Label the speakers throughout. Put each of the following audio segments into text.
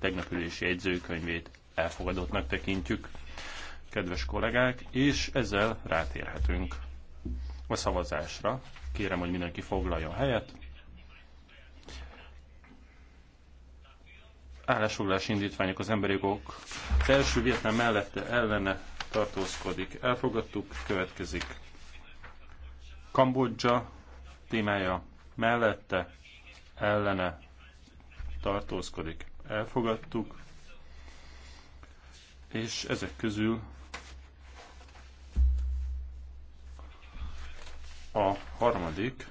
Speaker 1: tegnap ülési jegyzőkönyvét elfogadottnak tekintjük, kedves kollégák, és ezzel rátérhetünk a szavazásra. Kérem, hogy mindenki foglaljon helyet. Állásfoglalás indítványok az emberi jogok. Az első Vietnám mellette ellene tartózkodik. Elfogadtuk, következik Kambodzsa témája mellette ellene tartózkodik elfogadtuk, és ezek közül a harmadik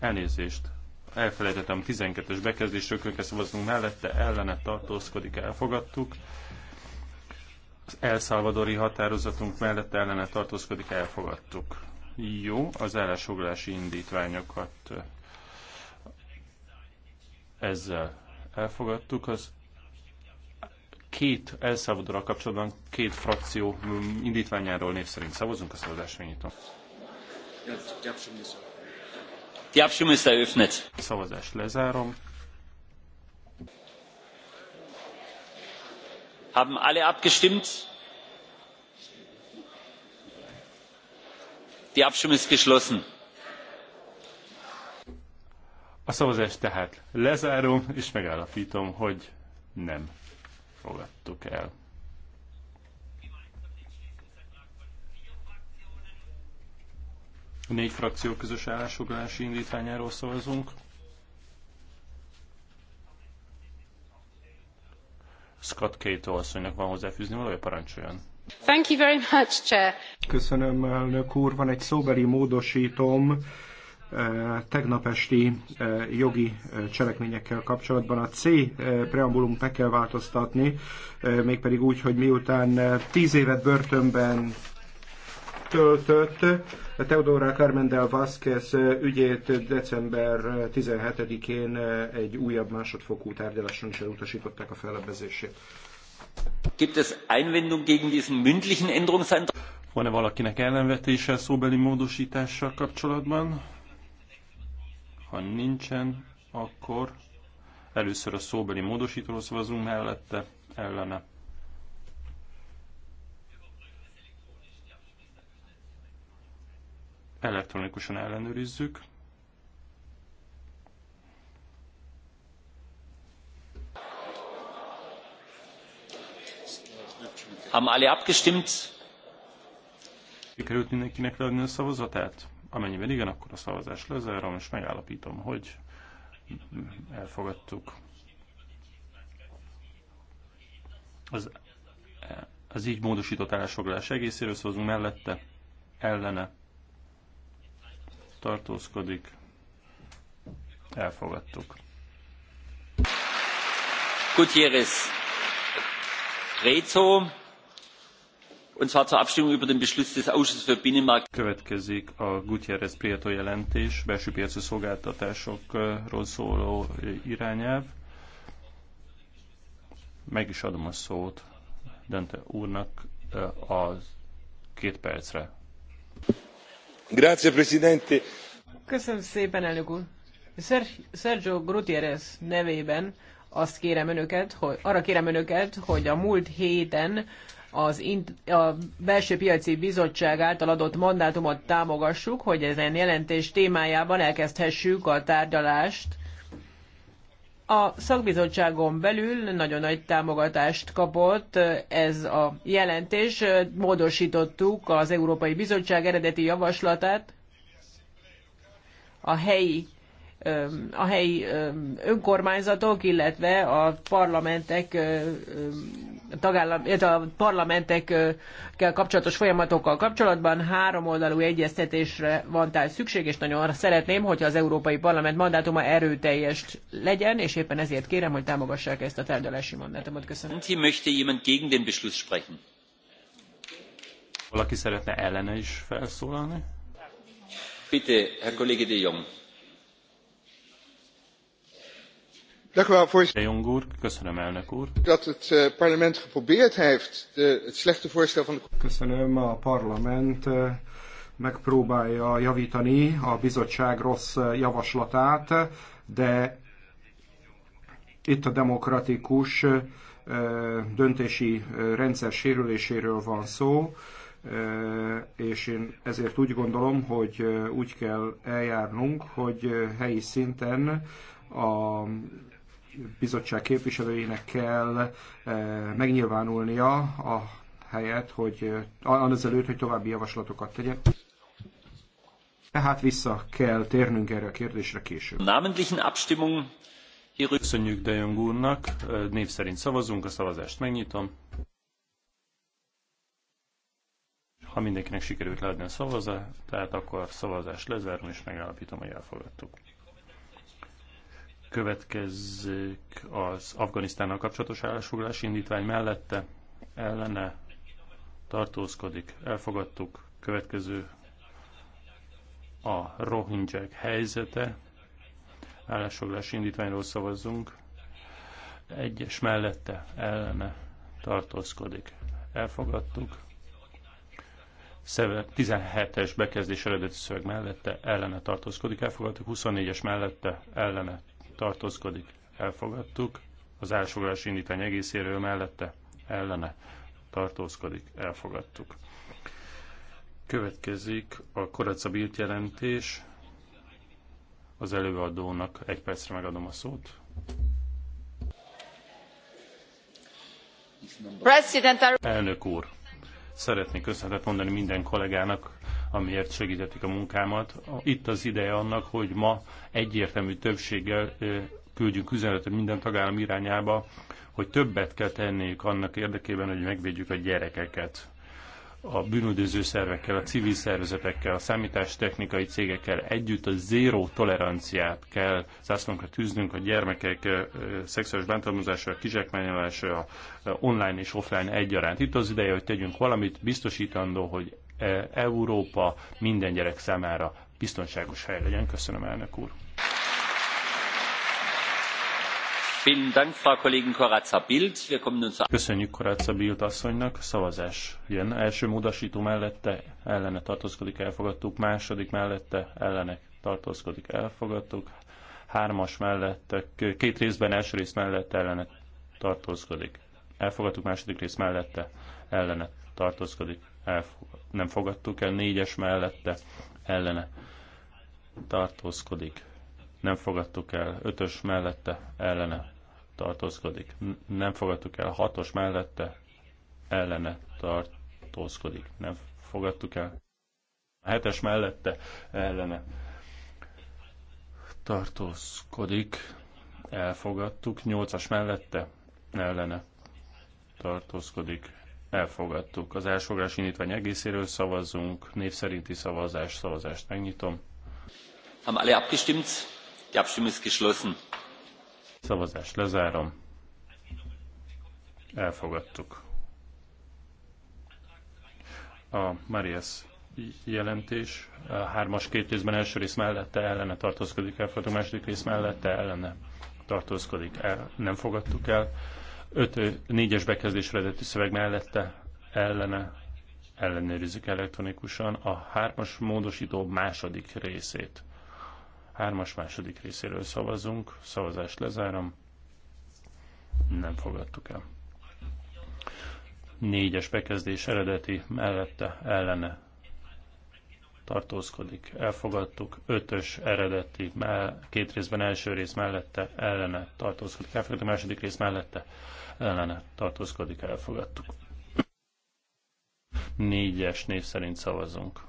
Speaker 1: elnézést elfelejtettem 12-es bekezdésről kell szavaznunk mellette, ellene tartózkodik, elfogadtuk. Az elszalvadori határozatunk mellette ellene tartózkodik, elfogadtuk. Jó, az ellensoglási indítványokat ezzel elfogadtuk. Az két elszávodóra kapcsolatban két frakció indítványáról név szerint szavazunk, a szavazásra nyitom. Die Abstimmung Szavazást lezárom.
Speaker 2: Haben alle abgestimmt? Die Abstimmung ist geschlossen.
Speaker 1: A szavazást tehát lezárom, és megállapítom, hogy nem fogadtuk el. A négy frakció közös állásfoglalási indítványáról szavazunk. Scott Cato asszonynak van hozzáfűzni valója,
Speaker 3: parancsoljon.
Speaker 1: Thank you very much, Chair.
Speaker 3: Köszönöm, elnök úr. Van egy szóbeli módosítom tegnap esti jogi cselekményekkel kapcsolatban. A C preambulum meg kell változtatni, mégpedig úgy, hogy miután tíz évet börtönben töltött Teodora Carmendel Vázquez ügyét december 17-én egy újabb másodfokú tárgyaláson is elutasították a fellebbezését. Gibt es Einwendung gegen diesen mündlichen Änderungsantrag?
Speaker 1: Van-e valakinek ellenvetése szóbeli módosítással kapcsolatban? Ha nincsen, akkor először a szóbeli módosítóról szavazunk mellette, ellene. Elektronikusan ellenőrizzük. Haben alle abgestimmt? Sikerült mindenkinek leadni a szavazatát? Amennyiben igen, akkor a szavazás lezárom, és megállapítom, hogy elfogadtuk. Az, az így módosított állásfoglalás egészéről szavazunk mellette, ellene tartózkodik, elfogadtuk.
Speaker 2: Gutierrez Rézó,
Speaker 1: und zwar zur Abstimmung über den Beschluss des Ausschusses für Binnenmarkt. Következik a Gutierrez Prieto jelentés, belső piaci szolgáltatásokról szóló irányelv. Meg is adom a szót Dente úrnak eh, a két percre. Grazie, Presidente.
Speaker 4: Köszönöm szépen, elnök úr. Sergio Gutierrez nevében azt kérem önöket, hogy, arra kérem önöket, hogy a múlt héten az a belső piaci bizottság által adott mandátumot támogassuk, hogy ezen jelentés témájában elkezdhessük a tárgyalást. A szakbizottságon belül nagyon nagy támogatást kapott ez a jelentés. Módosítottuk az Európai Bizottság eredeti javaslatát a helyi a helyi önkormányzatok, illetve a parlamentek tagállam, illetve a parlamentekkel kapcsolatos folyamatokkal kapcsolatban három oldalú egyeztetésre van tehát szükség, és nagyon arra szeretném, hogy az Európai Parlament mandátuma erőteljes legyen, és éppen ezért kérem, hogy támogassák ezt a tárgyalási mandátumot. Köszönöm.
Speaker 1: Valaki szeretne ellene is felszólalni?
Speaker 2: Bitte, Herr Kollege de Jong.
Speaker 3: voorzitter jong köszönöm elnök úr dat het eh, parlement geprobeerd heeft het slechte voorstel van de Köszönöm a parlament eh, megpróbálja javítani a bizottság rossz eh, javaslatát, de itt a demokratikus döntési rendszer sérüléséről van szó, és én ezért úgy gondolom, hogy úgy kell eljárnunk, hogy helyi szinten a bizottság képviselőjének kell eh, megnyilvánulnia a helyet, hogy eh, előtt, hogy további javaslatokat tegyen. Tehát vissza kell térnünk erre a kérdésre később.
Speaker 1: Namentlichen Abstimmung Köszönjük De Jong úrnak, név szerint szavazunk, a szavazást megnyitom. Ha mindenkinek sikerült leadni a szavazat, tehát akkor szavazást lezárom és megállapítom, hogy elfogadtuk következik az Afganisztánnal kapcsolatos állásfoglalási indítvány mellette, ellene tartózkodik, elfogadtuk. Következő a rohingyák helyzete. Állásfoglalási indítványról szavazzunk. Egyes mellette, ellene tartózkodik. Elfogadtuk. 17-es bekezdés eredeti szöveg mellette ellene tartózkodik, elfogadtuk, 24-es mellette ellene tartózkodik, elfogadtuk, az elsogás indítvány egészéről mellette, ellene tartózkodik, elfogadtuk. Következik a koracabilt jelentés. Az előadónak egy percre megadom a szót.
Speaker 3: President...
Speaker 1: Elnök úr, szeretnék köszönetet mondani minden kollégának, amiért segítették a munkámat. Itt az ideje annak, hogy ma egyértelmű többséggel küldjünk üzenetet minden tagállam irányába, hogy többet kell tenniük annak érdekében, hogy megvédjük a gyerekeket a bűnüldöző szervekkel, a civil szervezetekkel, a számítástechnikai cégekkel együtt a zéró toleranciát kell zászlónkra tűznünk a gyermekek szexuális bántalmazására, kizsákmányolására online és offline egyaránt. Itt az ideje, hogy tegyünk valamit, biztosítandó, hogy E, Európa minden gyerek számára biztonságos hely legyen. Köszönöm, elnök úr. Köszönjük Koráca Bild asszonynak. Szavazás jön. Első módosító mellette ellene tartózkodik, elfogadtuk. Második mellette ellene tartózkodik, elfogadtuk. Hármas mellette, két részben első rész mellette ellene tartózkodik. Elfogadtuk második rész mellette ellene tartózkodik. elfogadtuk nem fogadtuk el, négyes mellette ellene tartózkodik, nem fogadtuk el, ötös mellette ellene tartózkodik, nem fogadtuk el, hatos mellette ellene tartózkodik, nem fogadtuk el, hetes mellette ellene tartózkodik, elfogadtuk, nyolcas mellette ellene tartózkodik, Elfogadtuk. Az elsőgrás indítvány egészéről szavazzunk. Név szerinti szavazás. Szavazást megnyitom.
Speaker 2: Haben alle abgestimmt? Die Abstimmung ist geschlossen.
Speaker 1: Szavazást lezárom. Elfogadtuk. A Marias jelentés. A hármas két részben első rész mellette ellene tartózkodik, elfogadtuk, második rész mellette ellene tartózkodik, el, nem fogadtuk el. 5-4-es bekezdésre eredeti szöveg mellette ellene ellenőrizzük elektronikusan a hármas módosító második részét. Hármas második részéről szavazunk, szavazást lezárom. Nem fogadtuk el. 4-es bekezdés eredeti mellette ellene tartózkodik, elfogadtuk, ötös eredeti, két részben első rész mellette, ellene tartózkodik, elfogadtuk, második rész mellette, ellene tartózkodik, elfogadtuk. Négyes név szerint szavazunk.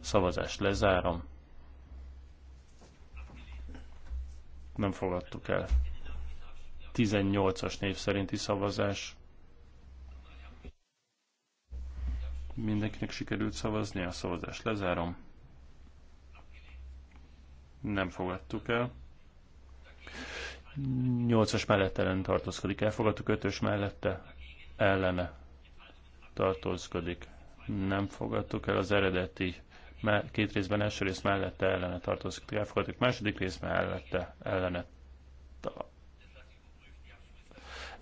Speaker 1: Szavazást lezárom. Nem fogadtuk el. 18-as név szerinti szavazás Mindenkinek sikerült szavazni, a szavazást lezárom. Nem fogadtuk el. 8-as mellett ellen tartózkodik, elfogadtuk 5-ös mellette, ellene tartózkodik. Nem fogadtuk el az eredeti két részben első rész mellette ellene tartózkodik, elfogadtuk második rész mellette ellene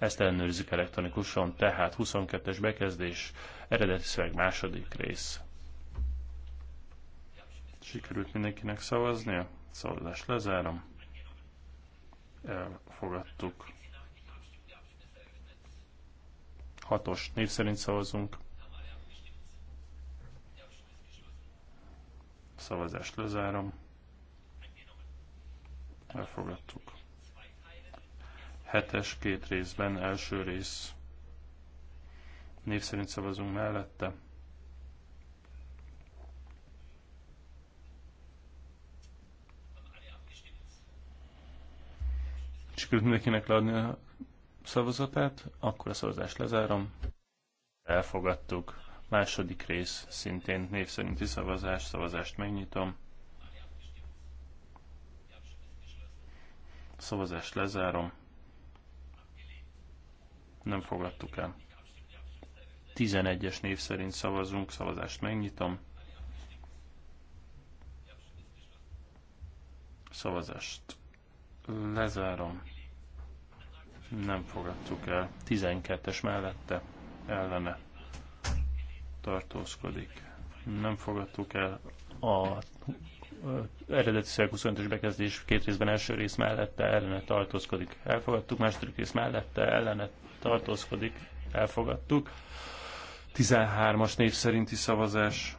Speaker 1: ezt ellenőrizzük elektronikusan, tehát 22-es bekezdés, eredeti szöveg második rész. Sikerült mindenkinek szavaznia? Szavazást lezárom. Elfogadtuk. Hatos név szerint szavazunk. Szavazást lezárom. Elfogadtuk. Hetes két részben, első rész. Név szerint szavazunk mellette. Sikerült mindenkinek leadni a szavazatát, akkor a szavazást lezárom. Elfogadtuk. Második rész, szintén név szerinti szavazás, szavazást megnyitom. Szavazást lezárom nem fogadtuk el. 11-es név szerint szavazunk, szavazást megnyitom. Szavazást lezárom. Nem fogadtuk el. 12-es mellette, ellene tartózkodik. Nem fogadtuk el a eredeti szöveg 25-ös bekezdés két részben első rész mellette ellene tartózkodik. Elfogadtuk, második rész mellette ellene tartózkodik. Elfogadtuk. 13-as név szerinti szavazás.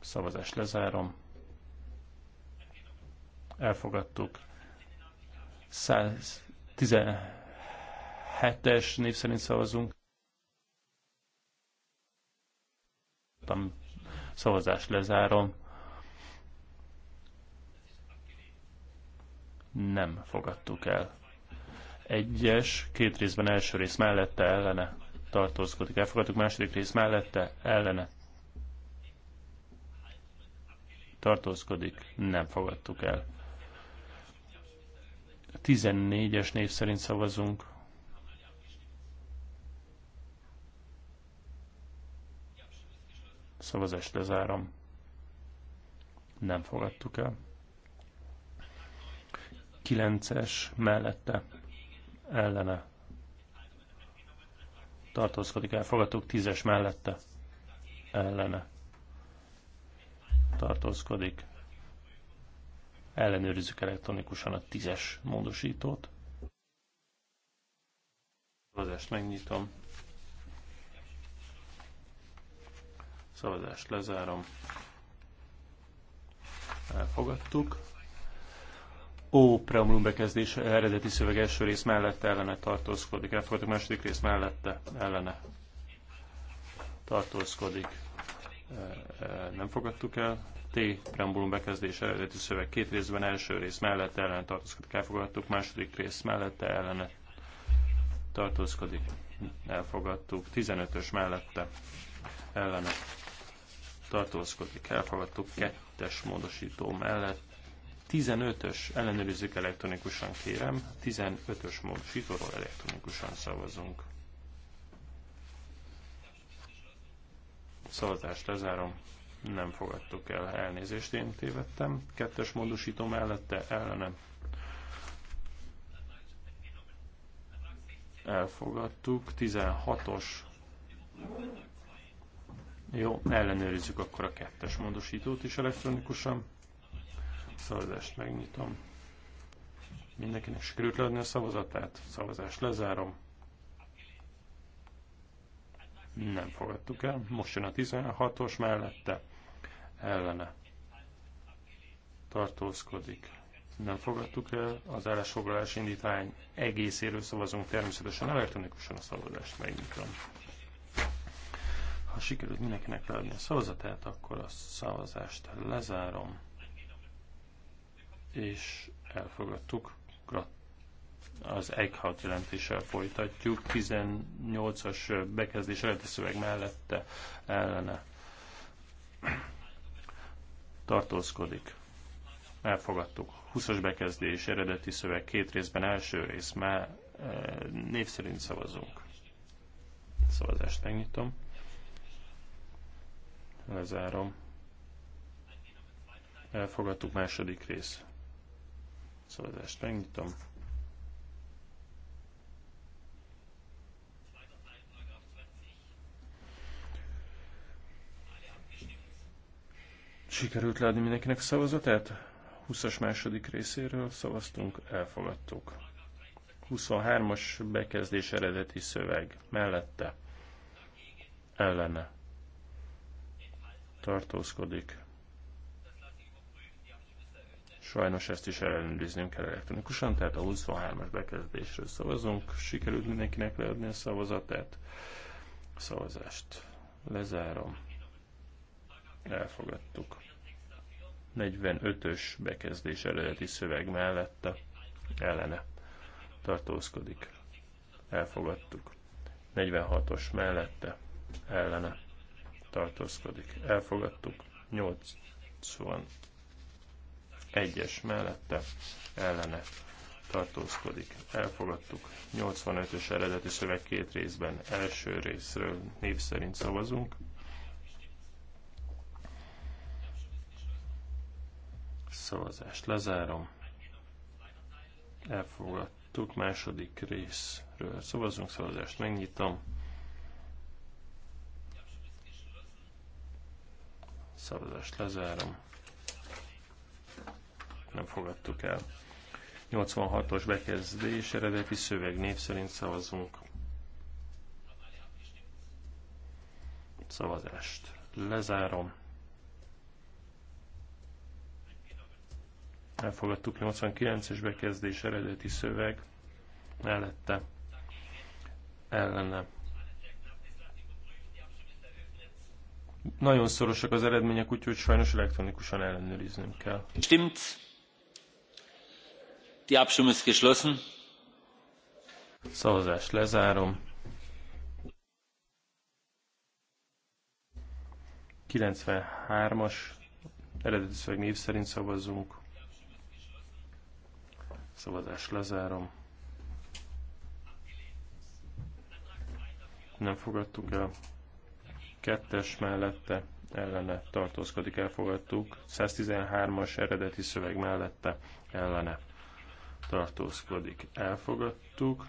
Speaker 1: Szavazást lezárom. Elfogadtuk. 117-es név szerint szavazunk. Elfogadtam. Szavazást lezárom. Nem fogadtuk el. Egyes, két részben első rész mellette, ellene tartózkodik. Elfogadtuk második rész mellette, ellene tartózkodik. Nem fogadtuk el. 14-es név szerint szavazunk. Szavazást lezárom. Nem fogadtuk el. 9-es mellette ellene tartózkodik, Fogadtuk 10-es mellette ellene tartózkodik. Ellenőrizzük elektronikusan a 10-es módosítót. Adást megnyitom. Szavazást lezárom. Elfogadtuk. Ó, preambulum bekezdés eredeti szöveg első rész mellette ellene tartózkodik. Elfogadtuk második rész mellette ellene tartózkodik. E, e, nem fogadtuk el. T. Preambulum bekezdés eredeti szöveg két részben első rész mellette ellen tartózkodik. Elfogadtuk második rész mellette ellene tartózkodik. Elfogadtuk. 15-ös mellette ellene tartózkodik, elfogadtuk kettes módosító mellett. 15-ös ellenőrizzük elektronikusan, kérem. 15-ös módosítóról elektronikusan szavazunk. Szavazást lezárom. Nem fogadtuk el elnézést, én tévedtem. Kettes módosító mellette ellenem. Elfogadtuk. 16-os jó, ellenőrizzük akkor a kettes módosítót is elektronikusan. Szavazást megnyitom. Mindenkinek sikerült leadni a szavazatát. Szavazást lezárom. Nem fogadtuk el. Most jön a 16-os mellette. Ellene. Tartózkodik. Nem fogadtuk el. Az állásfoglalás indítvány egészéről szavazunk természetesen elektronikusan a szavazást megnyitom. Ha sikerült mindenkinek leadni a szavazatát, akkor a szavazást lezárom. És elfogadtuk. Grat az Eichhardt jelentéssel folytatjuk. 18-as bekezdés eredeti szöveg mellette ellene tartózkodik. Elfogadtuk. 20-as bekezdés eredeti szöveg két részben első rész már eh, név szerint szavazunk. Szavazást megnyitom lezárom. Elfogadtuk második rész. Szavazást megnyitom. Sikerült látni mindenkinek a szavazatát? 20-as második részéről szavaztunk, elfogadtuk. 23-as bekezdés eredeti szöveg mellette, ellene tartózkodik. Sajnos ezt is ellenőriznünk kell elektronikusan, tehát a 23-as bekezdésről szavazunk. Sikerült mindenkinek leadni a szavazatát. A szavazást lezárom. Elfogadtuk. 45-ös bekezdés eredeti szöveg mellette ellene tartózkodik. Elfogadtuk. 46-os mellette ellene tartózkodik. Elfogadtuk. 81-es mellette ellene tartózkodik. Elfogadtuk. 85-ös eredeti szöveg két részben. Első részről név szerint szavazunk. Szavazást lezárom. Elfogadtuk. Második részről szavazunk. Szavazást megnyitom. Szavazást lezárom. Nem fogadtuk el. 86-os bekezdés, eredeti szöveg név szerint szavazunk. Szavazást lezárom. Elfogadtuk 89-es bekezdés, eredeti szöveg mellette ellene Nagyon szorosak az eredmények, úgyhogy sajnos elektronikusan ellenőriznünk kell. Stimmt. Die Abstimmung ist geschlossen. Szavazás lezárom. 93-as eredeti szöveg név szerint szavazzunk. Szavazás lezárom. Nem fogadtuk el. 2-es mellette ellene tartózkodik, elfogadtuk. 113-as eredeti szöveg mellette ellene tartózkodik, elfogadtuk.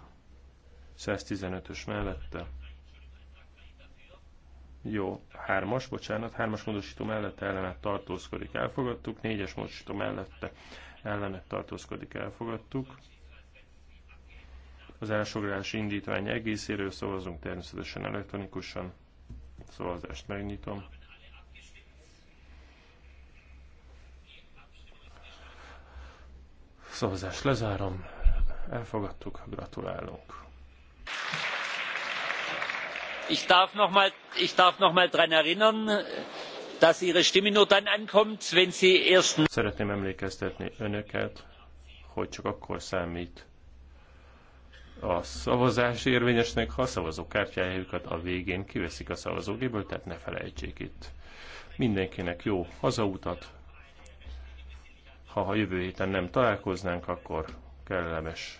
Speaker 1: 115-ös mellette. Jó, 3-as, bocsánat, 3-as módosító mellette ellene tartózkodik, elfogadtuk. 4-es módosító mellette ellene tartózkodik, elfogadtuk. Az elsorolási indítvány egészéről szavazunk természetesen elektronikusan szóval az est megnyitom. Szavazást lezárom. Elfogadtuk, gratulálunk.
Speaker 2: Ich darf noch mal, ich darf noch mal dran erinnern, dass Ihre
Speaker 1: Stimme nur dann ankommt, wenn Sie ersten. Szeretném emlékeztetni Önöket, hogy csak akkor számít a szavazás érvényesnek, ha a szavazókártyájukat a végén kiveszik a szavazógéből, tehát ne felejtsék itt. Mindenkinek jó hazautat. Ha a jövő héten nem találkoznánk, akkor kellemes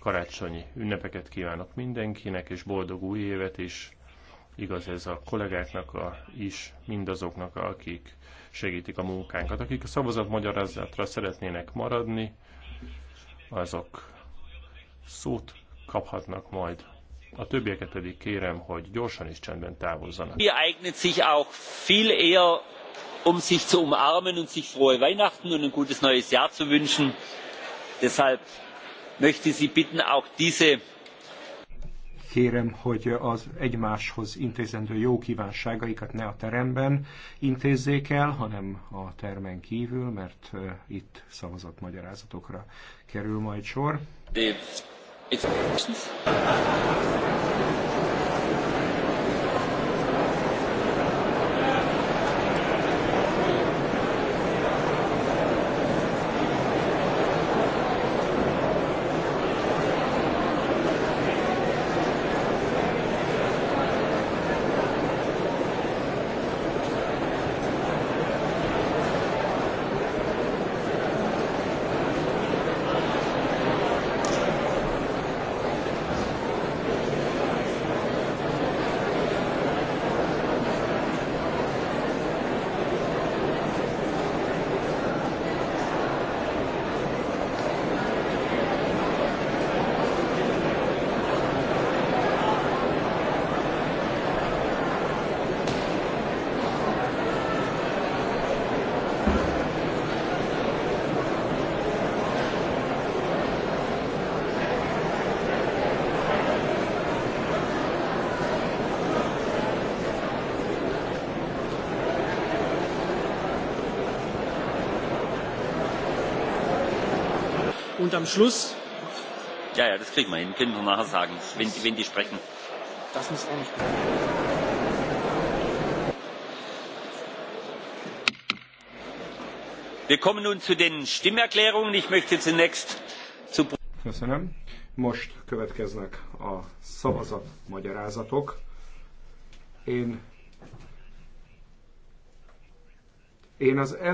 Speaker 1: karácsonyi ünnepeket kívánok mindenkinek, és boldog új évet is. Igaz ez a kollégáknak a, is, mindazoknak, akik segítik a munkánkat. Akik a szavazat magyarázatra szeretnének maradni, azok szót kaphatnak majd. A többieket pedig kérem, hogy gyorsan és csendben távozzanak. Hier eignet sich auch viel
Speaker 2: eher, um sich zu umarmen und sich frohe Weihnachten und ein gutes neues Jahr zu wünschen. Deshalb möchte ich Sie bitten, auch diese
Speaker 3: kérem, hogy az egymáshoz intézendő jó kívánságaikat ne a teremben intézzék el, hanem a termen kívül, mert itt szavazott magyarázatokra kerül majd sor. It's... It's...
Speaker 2: Und am Schluss. Ja, ja, das kriegen wir hin. Können wir nachher sagen, wenn, wenn die sprechen. Das muss auch nicht passieren. Wir kommen nun zu den Stimmerklärungen. Ich möchte
Speaker 3: zunächst zu... Köszönöm. Most következnek a szavazat magyarázatok. Én, én az elő